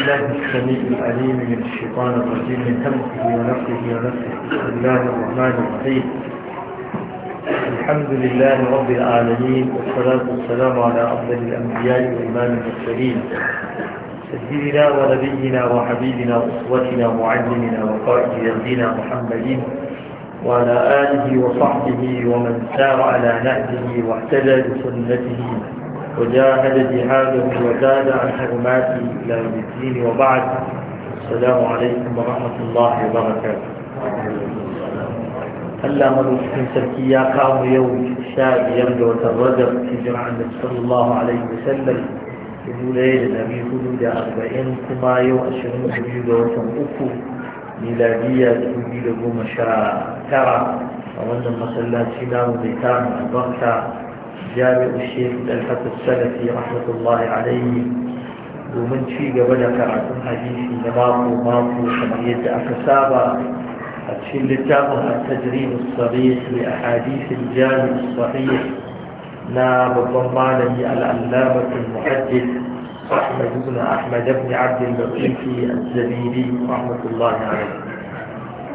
الله السميع العليم من الشيطان الرجيم من همسه ونفسه ونفسه بسم الله الرحمن الرحيم الحمد لله رب العالمين والصلاة والسلام على أفضل الأنبياء وإمام المرسلين سيدنا ونبينا وحبيبنا وأسوتنا ومعلمنا وقائد يدينا محمد وعلى آله وصحبه ومن سار على نهجه واهتدى بسنته وجاهد جهاده وزاد عن حرماته الى يوم الدين وبعد السلام عليكم ورحمه الله وبركاته. هلا مروج في سلكيا قام يوم الشاب يبدو وتردد في عن صلى الله عليه وسلم في ليلة نبي حدود أربعين كما يوم أشهر حدود وتنقفوا ميلادية تنبيل ترى ومن المسلات سلام بيتان أبغتا جامع الشيخ الحق السلفي رحمة الله عليه ومن في قبل كرعتم حديث نماط وماط وشمعيت أكسابا اللي تابه التجريب الصريح لأحاديث الجانب الصحيح ناب الضمانه الألامة المحدث أحمد بن أحمد بن عبد اللطيف الزبيدي رحمة الله عليه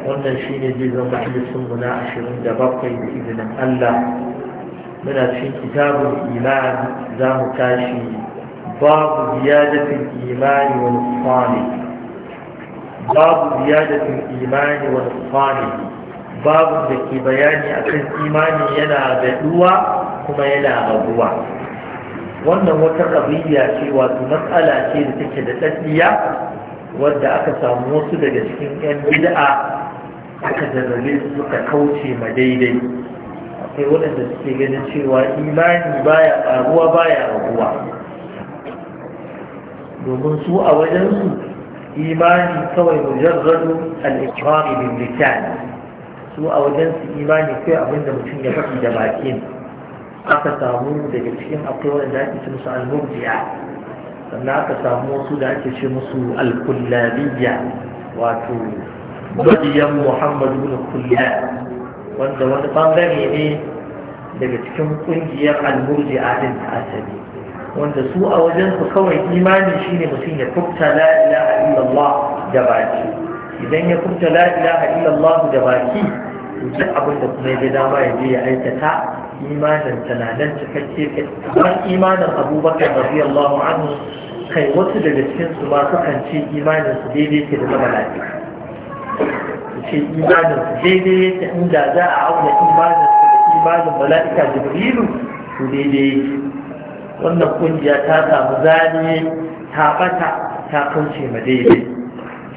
قلنا شيء جزء محدث هنا عشرين دبقي بإذن الله muna cikin kitabun imani za mu tashi babu ziyadatin imani imani wani tsani babu da ke bayani a kan imani yana da kuma yana raguwa wannan wata rabiya ce wato matsala ce da take da tsaddiya wadda aka samu wasu daga cikin yan bid'a aka zarrabe suka kauce ma daidai akwai waɗanda suke ganin cewa imani baya ƙaruwa baya raguwa domin su a wajensu imani kawai mujarradu al-ikrami bil lisan su a wajensu imani kai abinda mutum ya faɗi da bakin aka samu daga cikin akwai waɗanda ake ce musu al-murji'a sannan aka samu wasu da ake ce musu al-kullabiyya wato bajiyan muhammadu bin kullab wanda wani bangare ne daga cikin kungiyar almurji adin asali wanda su a wajen su kawai imani shine mutum ya kubta la ilaha illallah da baki idan ya kubta la ilaha illallah da baki to duk abin da kuma ya dama ya je ya aikata imanin tunanin cikakke kamar imanin abubakar radiyallahu anhu kai wasu daga cikin su ma sukan ce imanin su daidai ke da zama lafiya ce imaninsu daidai yake inda za a auna imaninsu da imanin mala'ika jibrilu su daidai yake wannan kungiya ta samu zane ta bata ta kauce ma daidai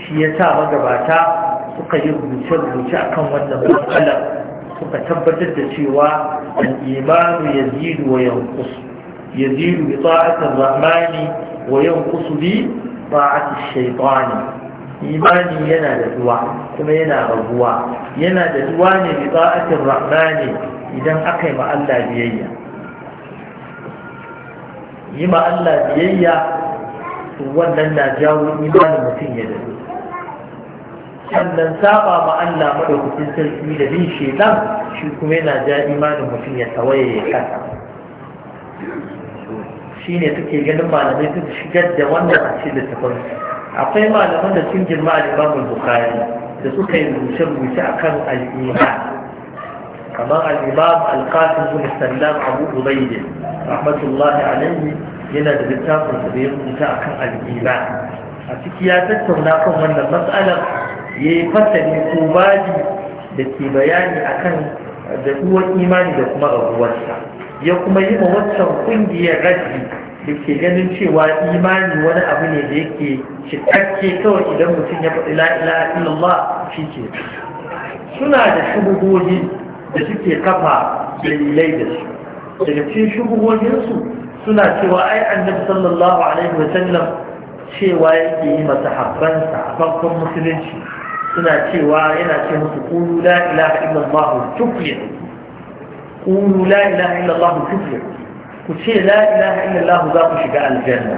shi ya sa magabata suka yi rubuce-rubuce akan wannan matsalar suka tabbatar da cewa al'imanu ya zidu wa yankus ya zidu bi ta'atar rahmani wa yankus bi ta'atar shaitani imani yana da duwa kuma yana rabuwa yana da duwa ne bi ta'atin rahmani idan aka yi ma Allah biyayya yi ma Allah biyayya wannan na jawo imanin mutum ya dace sannan saba ma Allah madaukakin sarki da bin shedan shi kuma yana ja imanin mutum ya tawaye ya kasa shi ne suke ganin malamai su shigar da wannan a cikin littafansu akwai malaman da sun girma a limamin bukari da suka yi rubuce-rubuce a kan al'ima kamar al'imam alkafin zuwa sallam abu ubaidi rahmatullahi alaihi yana da littafin da ya rubuta a kan al'ima a ciki ya tattauna kan wannan matsalar ya yi fasali ko baji da ke bayani a kan da imani da kuma rabuwarsa ya kuma yi ma waccan kungiyar raji yake ganin cewa imani wani abu ne da yake cikakke kawai idan mutum ya faɗi la'ila illallah shi ke suna da shubuhohi da suke kafa dalilai da su daga cikin shubuhohinsu suna cewa ai annabi sallallahu alaihi wa sallam cewa yake yi masa habbansa a farkon musulunci suna cewa yana ce musu qulu la ilaha illallah tuflih qulu la ilaha illallah tuflih ku ce la ilaha illallah za ku shiga aljanna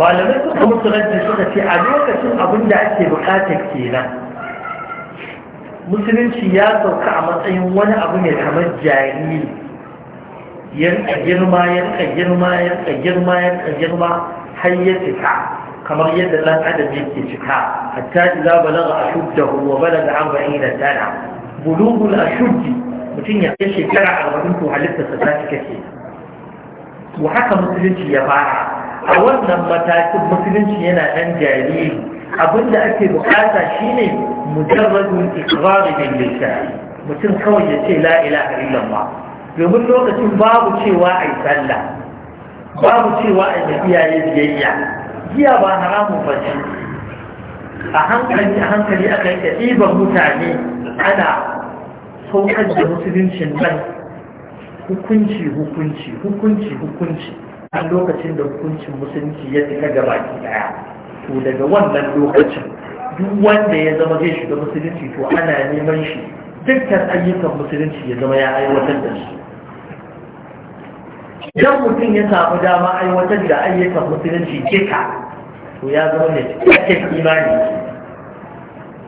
malamai suka musu rajin suka ce a lokacin abin da ake bukatar kenan musulunci ya sauka a matsayin wani abu mai kamar jariri yanka girma yanka girma yanka girma yanka girma har ya cika kamar yadda ɗan adam yake cika hatta idza balagha ashuddahu wa balaga 40 sana bulughul ashuddi mutum ya kai shekara arba'in to halittarsa za ta kashe to haka musulunci ya fara a wannan matakin musulunci yana ɗan jariri abinda ake bukata shine mujarradun ikrari bil lisan mutum kawai ya ce la ilaha illallah domin lokacin babu cewa yi sallah babu cewa ai iyaye biyayya giya ba haramun ba ce a hankali a hankali aka yi ɗiban mutane ana saukar da musuluncin nan hukunci hukunci hukunci hukunci a lokacin da hukuncin musulunci ya cika gaba daya to daga wannan lokacin duk wanda ya zama zai shiga musulunci to ana neman shi dukkan ayyukan musulunci ya zama ya aiwatar da su idan mutum ya samu dama aiwatar da ayyukan musulunci duka to ya zama ne cikakken imani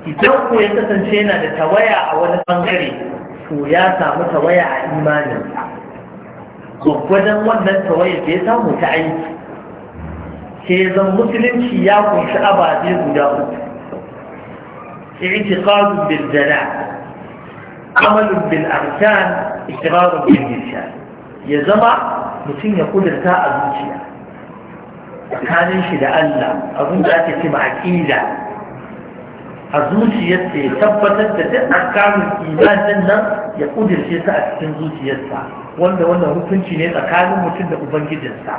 idan ko ya kasance yana da tawaya a wani bangare to ya samu tawaya a imaninsa gwaggwadon wannan tawaya da ya samu ta aiki ke zan musulunci ya kunshi ababe guda uku i'tiqadun bil jana amalun bil arkan iqrarun bil lisan ya zama mutum ya kudurta a zuciya tsakanin shi da Allah abin da ake ce ma aqida a zuciyarsa ya tabbatar da duk akamun imanin nan ya kudirce su a cikin zuciyarsa wanda wannan hukunci ne tsakanin mutum da ubangijinsa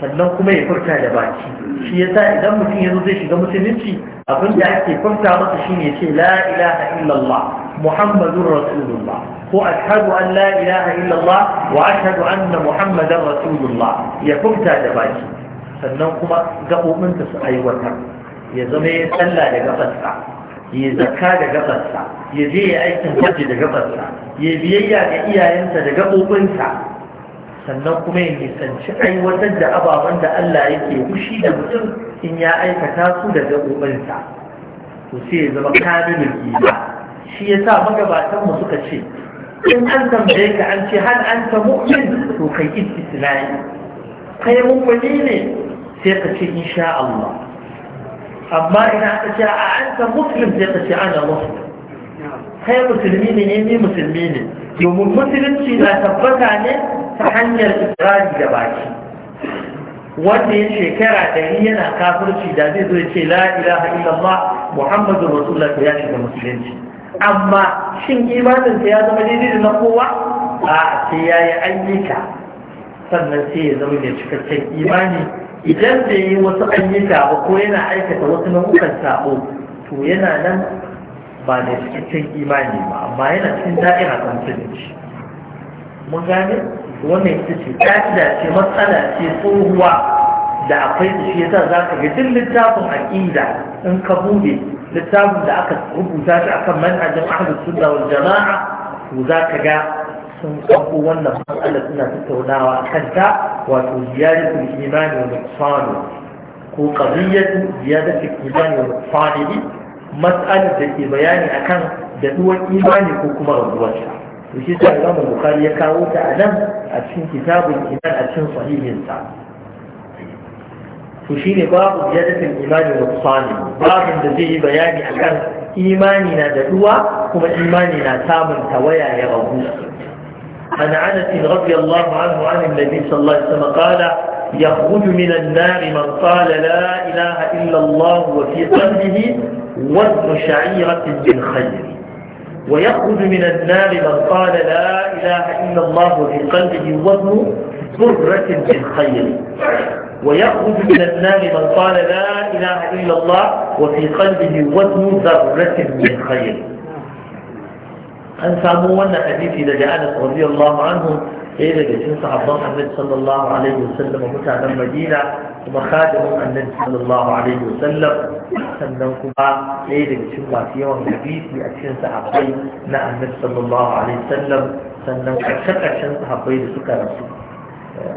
sannan kuma ya furta da baki shi yasa idan mutum ya zo zai shiga musulunci abin da ake furta masa shine ya ce la ilaha illallah muhammadun rasulullah ko ashhadu an la ilaha illallah wa ashhadu anna muhammadan rasulullah ya furta da baki sannan kuma gaɓoɓinsa su aiwatar ya zama ya sallah da gafarsa ya zakka da gafarsa ya je ya aikin hajji da gafarsa ya biyayya ga iyayensa da gabobinsa sannan kuma ya nisanci aiwatar da ababen da Allah yake fushi da mutum in ya aikata su da gabobinsa to sai ya zama kamilin iman shi yasa sa mu suka ce in an tambaye ka an ce hal anta mu'min to kai istisnai kai mu'mini ne sai ka ce insha Allah amma ina aka ce a an ta muslim sai ka ce ana muslim kai musulmi ne ne eh, ni musulmi ne domin musulunci na tabbata ne ta hanyar ikirari da baki wanda ya shekara ɗari yana kafirci da zai zo ya ce la ilaha illallah muhammadu rasulullah ya da musulunci amma shin imaninsa ya zama daidai da na kowa a sai ya yi ayyuka sannan sai ya zama da cikakken imani idan bai yi wasu ayyuka ba ko yana aikata wasu nau'ukan sabo to yana nan ba da cikakken imani ba amma yana cikin da'ira ta musulunci mun gane wannan ita ce ƙa'ida ce matsala ce tsohuwa da akwai da shi yasa za ka ga duk littafin aƙida in ka bude littafin da aka rubuta shi akan manhajin ahlus sunna wal jama'a to za ka ga sun ɗauko wannan matsala suna tattaunawa a kanta wato ziyarar ziyaratul imani wa nuqsanu ko qadiyatu ziyaratul imani wa nuqsanihi mas'alar da ke bayani akan daɗuwar imani ko kuma rabuwarsa to shi sa Imam Bukhari ya kawo ta a nan a cikin kitabun iman a cikin sahihinsa to shine babu ziyaratul imani wa nuqsanihi babin da zai yi bayani akan imani na daɗuwa kuma imani na samun tawaya ya rabu عن عنس رضي الله عنه عن النبي صلى الله عليه وسلم قال يخرج من النار من قال لا إله إلا الله وفي قلبه وزن شعيرة من خير ويخرج من النار من قال لا إله إلا الله وفي قلبه وزن ذرة من خير ويخرج من النار من قال لا إله إلا الله وفي قلبه وزن ذرة من خير an samu wannan hadisi daga Anas radiyallahu anhu sai daga cikin sahabban Annabi sallallahu alaihi wasallam mutanen Madina kuma khadimin Annabi sallallahu alaihi wasallam sannan kuma sai daga cikin masu yawan hadisi a cikin sahabbai na Annabi sallallahu alaihi wasallam sannan karshe-karshen sahabbai da suka rasu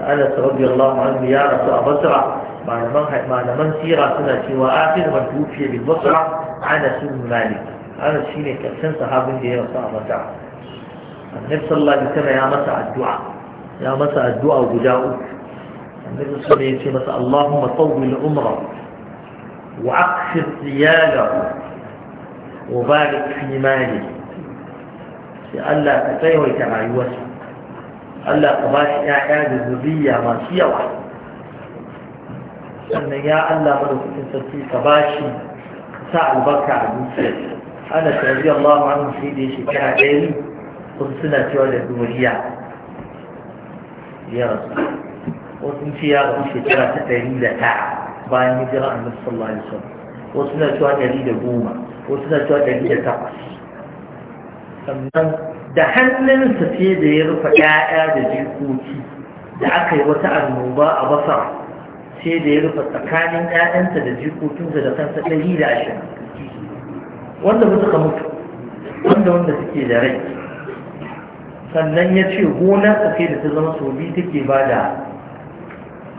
Anas radiyallahu anhu ya rasu a Basra malaman sira suna cewa akhir man tufiya bil Basra Anas ibn Malik هذا الشيء ne ƙarshen sahabin da ya rasu الله mata annabi sallallahu alaihi wasallam يا masa الدعاء ya النبي صلى الله عليه وسلم اللهم طول عمره وأقصر رياله وبارك في ماله ألا تطيعه تعيوس ألا تباش إعياد الذرية ما سيوا أن يا ألا ملك في تباشي ساعة البركة عن ana tarbi Allah wa an sai da ya shekara ɗaya wasu suna cewa da duniya ya rasu wasu ce ya rasu shekara ta ɗari da ta bayan hijira a nufin sallallahu alaihi wasallam wasu suna cewa ɗari da goma wasu suna cewa ɗari da takwas sannan da hannunsa sai da ya rufe ɗaya da jikoki da aka yi wata annoba a basar sai da ya rufe tsakanin 'ya'yansa da jikokinsa da kansa ɗari da ashirin wanda ba suka mutu wanda wanda suke da rai sannan ya ce gonar ta sai da ta zama sau biyu take ba da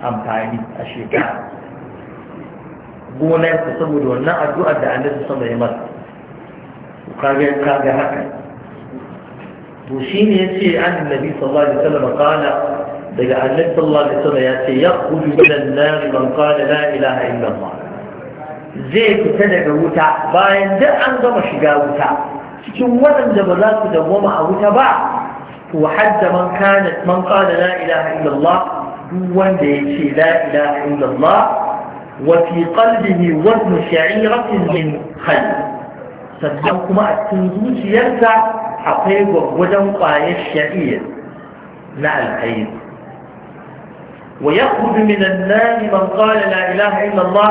amfani a shekara gonar ta saboda wannan addu'ar da annabi sama ya masa kaga kaga haka to ce an annabi sallallahu alaihi wasallam kana daga annabi sallallahu alaihi wasallam yace yakhruju min an-nar man qala la ilaha illa allah zai fita daga wuta bayan duk an gama shiga wuta cikin waɗanda ba za su dawwama a wuta ba to hadda man kana man qala la ilaha illallah duk wanda ya ce la ilaha illallah wa fi qalbihi wazn sha'iratin min khal sannan kuma a cikin zuciyarsa akwai gwagwajen ƙwayar sha'ir na alkhairi ويخرج من النار من قال لا إله إلا الله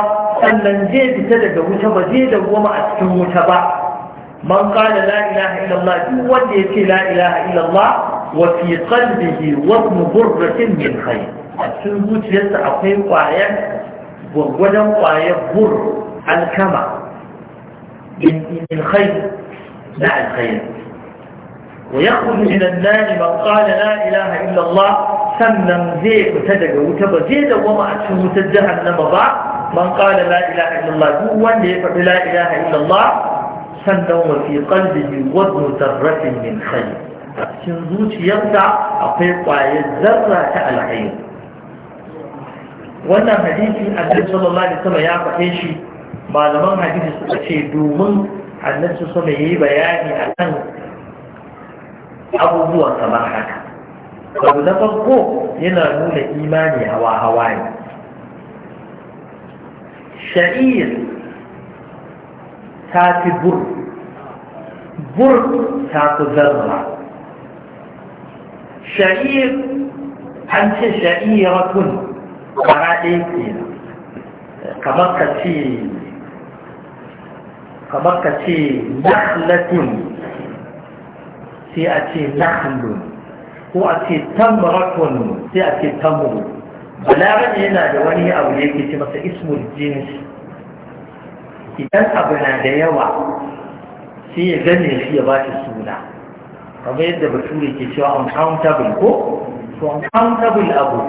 من زيد سدد وشب زيد وما أسكم تبع من قال لا إله إلا الله وليس لا إله إلا الله وفي قلبه وطن برة من خير أسكم تيسع في قاية وغنم قاية بر الكمع من من خير لا الخير ويخرج من النار من قال لا إله إلا الله sannan zai fita daga wuta ba zai goma a cikin wutar jahannama ba man kada la ilaha illallah duk wanda ya faɗi la ilaha illallah sannan wa fi qalbihi wadnu tarratin min khayr cikin zuciyarsa akwai ƙwayar zarra ta alkhairi wannan hadisi annabi sallallahu alaihi wasallam ya faɗe shi malaman hadisi suka ce domin annabi sallallahu alaihi wasallam yayi bayani akan abubuwan kamar haka abu na farko yana nuna imani hawa hawa ne sha'ir ta fi bur bur ta fi zarra sha'ir an ce kun kara ɗaya ke kamar ka ce kamar ka ce nakhlatin sai a ce nakhlun ko a ce tamratun sai a ce tamru balarabe yana da wani abu da yake ce masa ismul jins idan abu na da yawa sai ya gane shi ya ba shi suna kamar yadda bature ke cewa uncountable ko to uncountable abu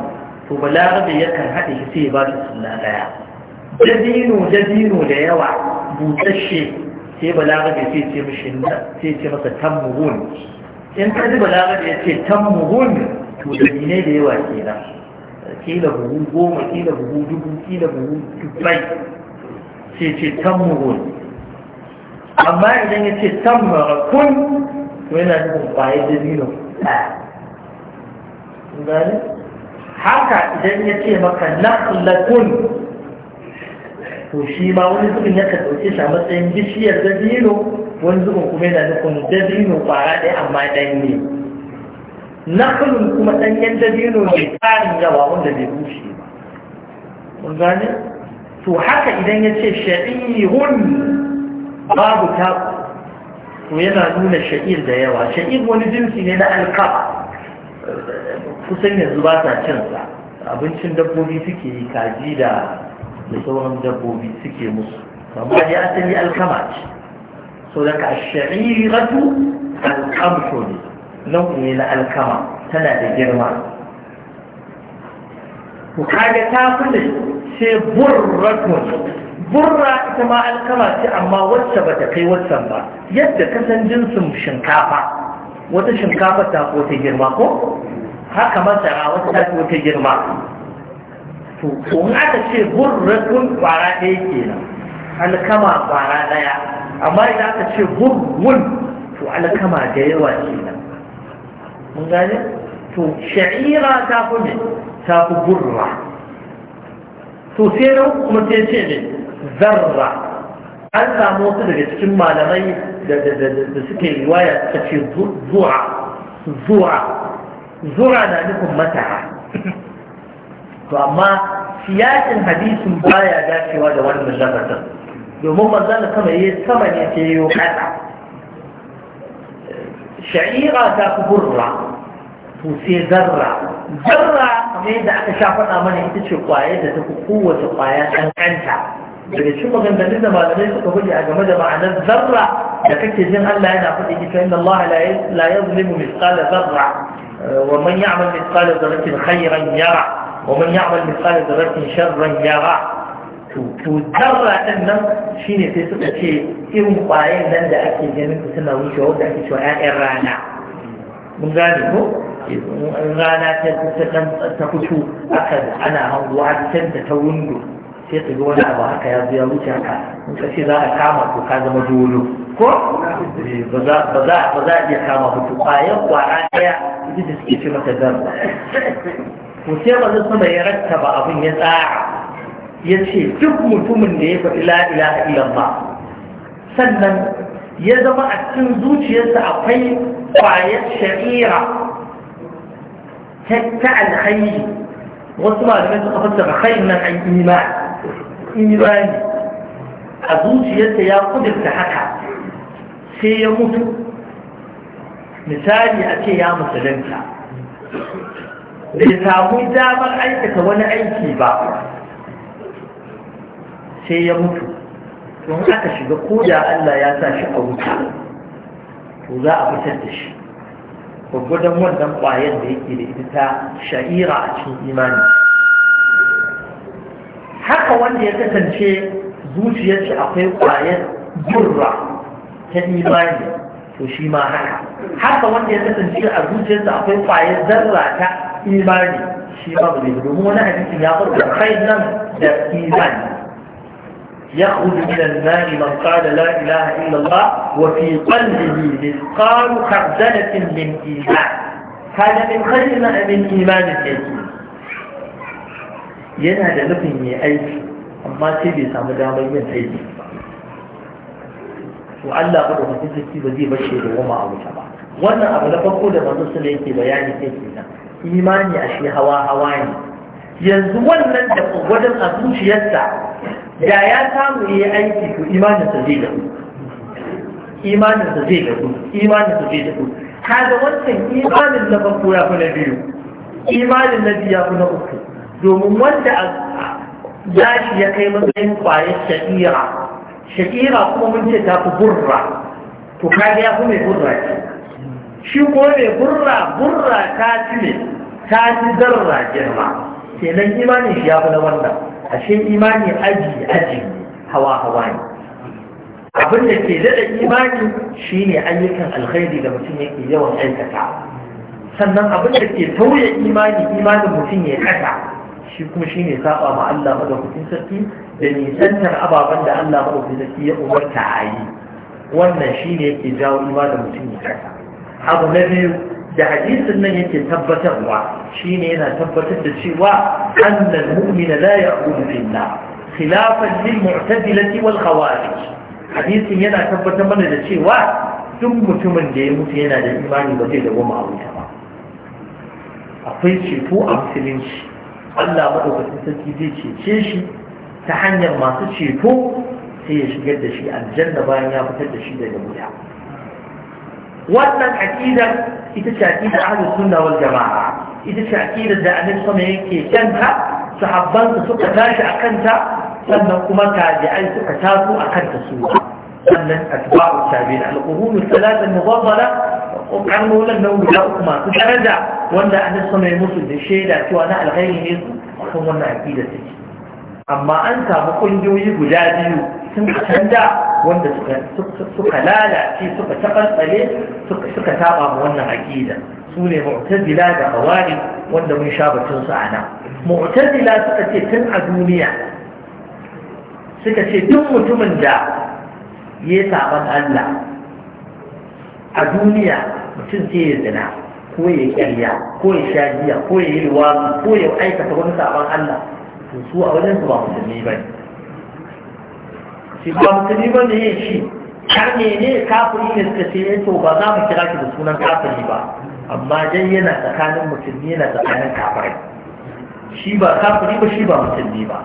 to balarabe yakan haɗe shi sai ya ba shi suna ɗaya dabino dabino da yawa busasshe sai balarabe sai ce mishi sai ce masa tamurun in ka ji balaga da ya ce tan muhun to da ne da yawa ke nan kila buhu goma kila buhu dubu kila buhu dubai sai ce tan muhun amma idan ya ce tan marakun to yana da kwayar dalilin gani haka idan ya ce maka nakhlakun to shi ma wani zubin ya ka ɗauke shi a matsayin bishiyar dalilin wani zubin kuma yana nufin dabino kwara ɗaya amma ɗanye nakulun kuma ɗanyen dabino mai tarin yawa wanda bai bushe ba kun gane to haka idan ya ce sha'irun babu taku to yana nuna sha'ir da yawa sha'ir wani jinsi ne na alkaf kusan yanzu ba sa cin sa abincin dabbobi suke yi kaji da da sauran dabbobi suke musu amma dai asali alkama ce لك الشعيرة القمح نوم إلى الكرم تنا بجرمة وحاجة تاكل سي برة برة كما الكرم سي أما وسبة كي وسبة يد كسن جنس شنكافة وتا شنكافة تاكل تجرمة هكا ما سرعة وتا تاكل تجرمة تو كون عدد سي برة كون بارا إيكينا الكرم بارا amma idan aka ce gurgun to alkama da yawa ce nan mun gane to sha'ira ta fi ne ta fi gurra to sai na kuma sai ce ne zarra an samu wasu daga cikin malamai da suke riwaya suka ce zuwa zuwa zuwa na nufin mataha to amma siyasin hadisin baya dacewa da wannan lamarin domin manzan sama ya sama ne sai ya kasa sha'ira ta fi burra to sai zarra zarra kamar yadda aka sha faɗa mana ita ce kwaya da ta fi kowace kwaya ɗan kanta daga cikin maganganun da malamai suka gudu a game da ma'anar zarra da kake jin Allah yana faɗi ita inna Allah la yazlimu mithqala zarra wa man ya'mal mithqala dharratin khayran yara wa man ya'mal mithqala dharratin sharran yara to raɗin ɗin nan shine sai suka ce irin ƙwayen nan da ake ganin su suna wucewa wanda ake cewa 'ya'yan rana mun gane ko rana ta fito aka ana hanguwa can ta ta windo sai ta wani abu haka ya zuya wuce haka in ka ce za a kama ko ka zama dolo ko ba za a iya kama ku, ƙwayar ƙwara ɗaya ita da suke ce mata zarra ko sai ba zai sama ya rattaba abin ya tsara ya ce duk mutumin da ya faɗi la'ilaha illallah sannan ya zama a cikin zuciyarsa akwai kwayar shari'a ta alhairi wasu malamai suka fassara khair nan an imani imani a zuciyarsa ya kudurta haka sai ya mutu misali a ce ya musulunta bai samu damar aikata wani aiki ba sai ya mutu to in aka shiga ko da Allah ya sa shi a wuta to za a fitar da shi gwaggwadon wannan ƙwayar da yake da ita ta sha'ira a cikin imani haka wanda ya kasance zuciyarsa akwai ƙwayar gurra ta imani to shi ma haka haka wanda ya kasance a zuciyarsa akwai ƙwayar zarra ta imani shi ma ba zai domin wani hadisin ya farko kai nan da imani يخرج من الماء من قال لا اله الا الله وفي قلبه مثقال خردله من ايمان هذا من خير من ايمان اليتيم ينا ده نفي مي ايكي اما سي بي سامو دامه يين ايكي والله قد وفي سكي بدي بشي وما ابو تبع وانا ابو ده فكو ده منو سنه بياني تيكي ايماني اشي هوا هواني ينزو ولن تقو ودن ابو شيسا da ya samu yi aiki ku imaninsa zai da imaninsa zai da imaninsa zai da kaga wancan imanin na farko ya fi na biyu imanin na biyu ya fi na uku domin wanda ya zashi ya kai matsayin kwaye Shakira sha'ira kuma mun ce ta fi burra to kaga ya fi mai burra ce shi ko mai burra burra ta ci ne ta ci zarra girma kenan imanin shi ya fi na wannan ashe imani aji aji hawa hawa ne abin da ke daɗa imani shine ayyukan alkhairi da mutum yake yawan aikata sannan abin da ke tauye imani imanin mutum ya kasa shi kuma shine saba ma Allah madaukakin sarki da nisantar ababen da Allah madaukakin sarki ya umarta a yi wannan shine yake jawo imanin mutum ya kasa abu na biyu da hadisin nan yake tabbatarwa shine yana tabbatar da cewa annal mu'mina la ya'budu illa khilafan lil mu'tazilati wal khawarij hadisin yana tabbatar mana da cewa duk mutumin da ya mutu yana da imani ba zai dawo ma wuta ba akwai ceto a musulunci Allah madaukakin sarki zai cece shi ta hanyar masu ceto sai ya shigar da shi aljanna bayan ya fitar da shi daga wuta wannan aqidar ita ce aqidar ahlus sunna jama'a ita ce aqidar da annabi sama yake kyanta sahabban su suka tashi a kanta sannan kuma tabi'ai suka taso a kanta su sannan atba'u tabi'in al-qurun al-thalath al-mufaddala qarnulan nan guda uku masu daraja wanda annabi sama ya musu da shaida cewa na alkhairi ne su akan wannan aqidar take amma an samu kungiyoyi guda biyu sun canza wanda suka lalace suka taɓarɓare suka taɓa wa wannan aƙida su ne mu'tazila da hawari wanda mun sha batun su a nan mu'tazila suka ce tun a duniya suka ce duk mutumin da ya saban Allah a duniya mutum sai ya zina ko ya ƙarya ko ya sha giya ko ya yi ko ya aikata wani saban Allah to su a wajen su ba musulmi ba ne shi ba musulmi ba ne shi kar ne ne kafiri ne suka ce eh, to ba za mu kira shi da sunan kafiri ba amma dai yana tsakanin musulmi yana tsakanin kafirai shi ba kafiri ba shi ba musulmi ba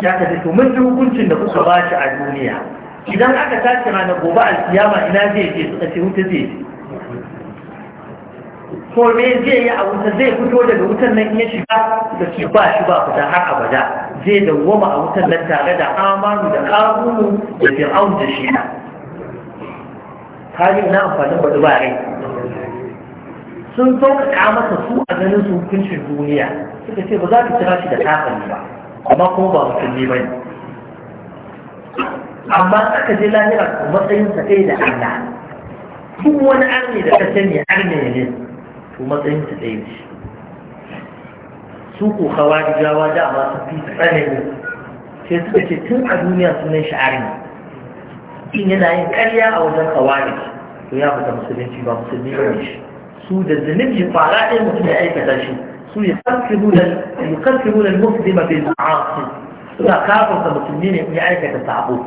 ya ka to mun ji hukuncin da kuka ba shi a duniya idan aka tashi ranar gobe alkiyama ina zai je suka ce wuta zai ko me zai yi a wuta zai fito daga wutan nan ya shiga da ke ba shi ba fita har abada zai dawwama a wutar nan tare da amanu da ƙarunu da fir'aun da shi kaji na amfanin ba ba rai sun sauƙaƙa masa su a ganin su hukuncin duniya suka ce ba za ka kira shi da kafin ba amma kuma ba musulmi ba ne amma aka je lahira sa ɗaya da Allah duk wani arne da ka sani arne ne to matsayinsa ɗaya ne su ko khawarijawa da ma su fi tsanani sai suka ce tun a duniya sunan sha'ari in yana yin karya a wajen khawarij to ya fita musulunci ba musulmi ba ne shi su da zunubi fara ɗaya mutum ya aikata shi su ya karfiru da musulmi ba mafi ma'asi suna kafarta musulmi ne ya aikata sabo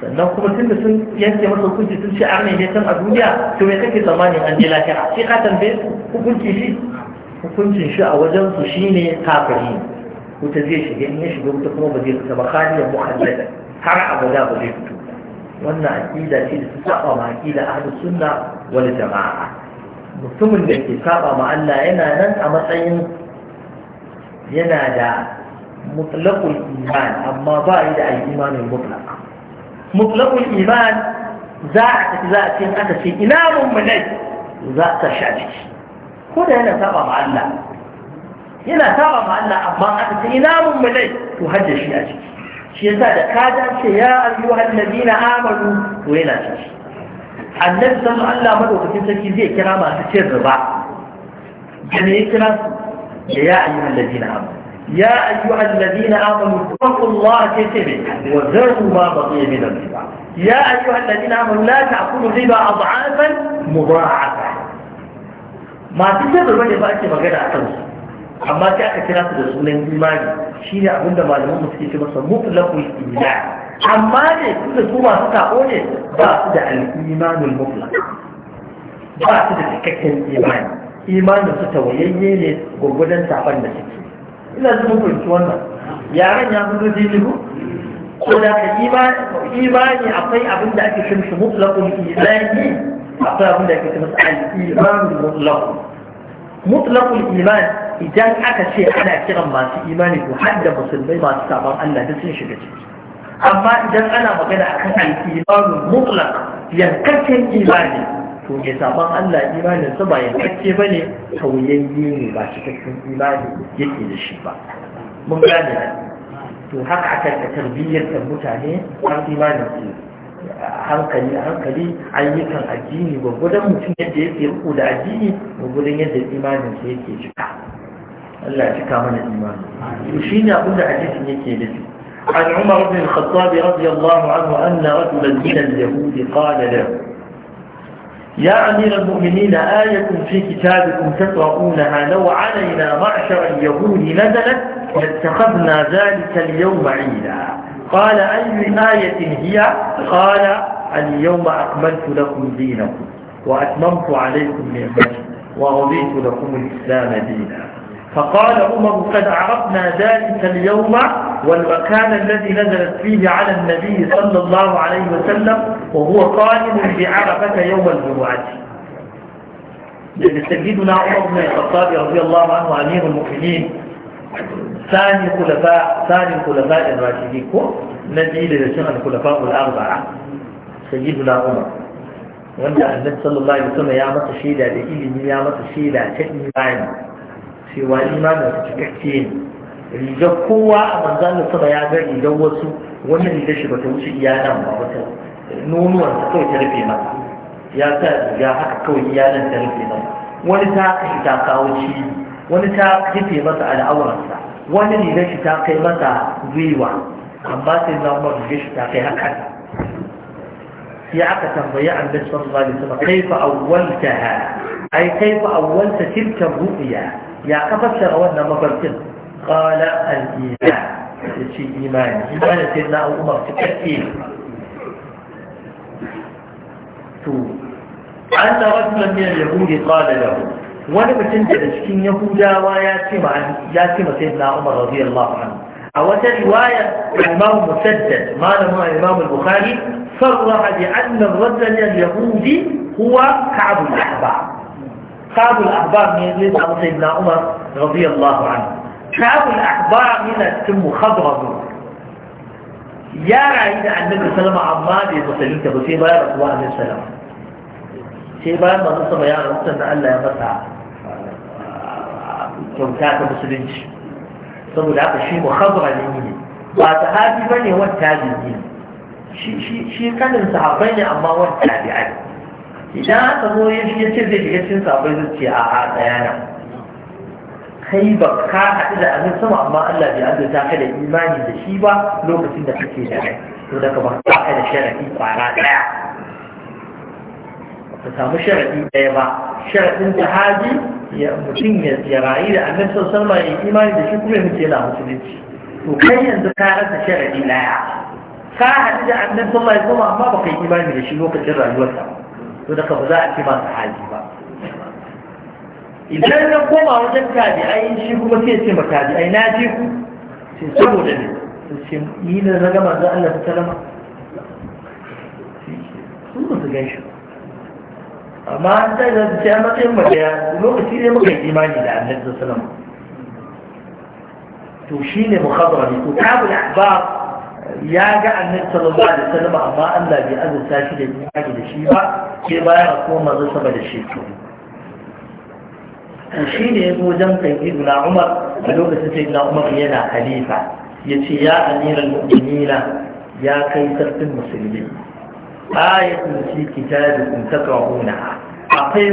sannan kuma tun da sun yanke masa hukunci sun ce arne ne can a duniya to ya kake tsammanin an je lafiya sai ka tambaye hukunci shi hukuncin shi a wajen su shine kafari wuta zai shiga in ya shiga wuta kuma ba zai fita ba khaliyan mukhallada har abada ba zai fito wannan aƙida ce da su saba ma aqida ahlus sunna wani jamaa mutumin da ke saba ma Allah yana nan a matsayin yana da mutlaqul iman amma ba yi da al-imanul mutlaq mutlaqul iman za a tafi za a ce aka ce ina mun mulai za ta sha ciki ko da yana saba ma Allah yana saba ma Allah amma aka ce ina mun mulai to hajjar shi a ciki shi yasa da ka dace ya ayyuhal ladina amanu to yana ciki annabi sallallahu Allah madaukakin sarki zai kira masu cin riba da ne ya kira su da ya ayyuhal ladina amanu ya ayyuhal ladina amanu taqullaha kace ne wa zaru ma baqiya min riba ya ayyuhal ladina amanu la ta'kulu riba ad'afan mudha'afa masu sabarwa ne ba ake magana a su amma sai aka kira su da sunan imani shi ne da malaman musu ke masa mutlaqul iman amma ne su da su masu taɓo ne ba su da al'imanin mutu ba su da cikakken imani imanin su tawayayye ne gwagwadon saban da suke ina zuwa kunci wannan yaran ya fito dili ko ko da ka imani akwai abin da ake mutu mutlaqul imani akwai abin da ake kira al-iman mutlaq iman idan aka ce ana kiran masu imani to har da musulmai masu sabon Allah da sun shiga ciki amma idan ana magana akan al-iman mutlaq yankakken imani to ne sabon Allah imanin sa ba yankakke bane tauyayye ne ba cikakken imani yake da shi ba mun gane to haka aka tarbiyyar mutane har imanin su hankali hankali ayyukan addini gwagwadon mutum yadda yake riko da addini gwagwadon yadda imanin sa yake cika Allah ya cika mana imani shi ne abin da hadisin yake da shi عن عمر بن الخطاب رضي الله عنه أن رجلا من اليهود قال له يا أمير المؤمنين آية في كتابكم تقرؤونها لو علينا معشر اليهود نزلت لاتخذنا ذلك اليوم عيدا قال أي آية هي قال اليوم أكملت لكم دينكم وأتممت عليكم نعمتي ورضيت لكم الإسلام دينا فقال عمر قد عرفنا ذلك اليوم والمكان الذي نزلت فيه على النبي صلى الله عليه وسلم وهو قائم بعرفة يوم الجمعة يعني سيدنا عمر بن الخطاب رضي الله عنه أمير المؤمنين ثاني خلفاء ثاني خلفاء الراشدين كو نجي لشيخ الخلفاء الأربعة سيدنا عمر wanda annabi sallallahu alaihi wasallam ya masa shaida da ilimi ya masa shaida ta imani cewa imanin ta cikakke ne rigar kowa a manzan sama ya ga rigar wasu wannan rigar shi bata wuce iya ba wata nonuwan ta kawai ta rufe masa ya sa riga haka kawai iya nan ta rufe masa wani ta kashi ta kawo ci wani ta rufe masa al'awarsa wani rigar shi ta kai masa gwiwa amma sai na umar rigar shi ta kai haka ya aka tambayi annabi sallallahu alaihi wasallam kaifa awwaltaha ai kaifa awwalta tilka ru'ya ya ka fassara wannan mafarkin qala al-iman yace imani imani sai na umar cikakke to أن رجلا من اليهود قال له wani mutum da cikin yahudawa ya ce ma ya ce ma sayyidina umar radiyallahu anhu a wata riwaya imam musaddad malamin imam al-bukhari sarraha bi anna ar-rajul al-yahudi huwa ka'b al-ahbar ka'b al-ahbar ne ne da sayyidina umar radiyallahu anhu ka'b al-ahbar ne al-tim khadram ya rayu da annabi sallama amma bai musulunta ba sai bayan rasuwa annabi sallama sai bayan masu sama yaran sannan Allah ya masa kyauta ta musulunci saboda haka shi muhammara ne ne ba ta ba ne wani tabi'i ne shi kanin sahabbai ne amma wani tabi'a ne idan aka zo ya shi yace zai shiga cikin sahabbai zai ce a a tsayana kai ba ka haɗu da abin sama amma Allah bai azurta ka da imani da shi ba lokacin da kake da rai to daga ba ka da sharafi kwara ɗaya ta samu sharaɗi ɗaya ba sharaɗin Haji, ya mutum ya rayu da annabi sallallahu alaihi wasallam imani da shi kuma ya mutu yana musulunci to kai yanzu ka rasa sharaɗi ɗaya ka haɗu da annabi sallallahu alaihi wasallam amma baka yi imani da shi lokacin rayuwarsa to da ba za a ce ba sahabi ba idan na koma wajen tabi'ai shi kuma sai ce ma tabi'ai na ji ku sai saboda ne sai ni na zaga manzo Allah sallallahu alaihi sun su gan amma an ta da ta matsayin mu lokaci ne muka yi imani da annabi sallallahu to shi ne shine mukhadara ne to tabul ahbab ya ga annabi sallallahu alaihi wasallam amma Allah bai azurta shi da imani da shi ba sai baya a koma zai saba da shekaru to shine yazo wajen sayyidina Umar a lokacin sayyidina Umar yana khalifa yace ya amiral mu'minina ya kai sarkin musulmi ya fi kitabikum takrahuna akwai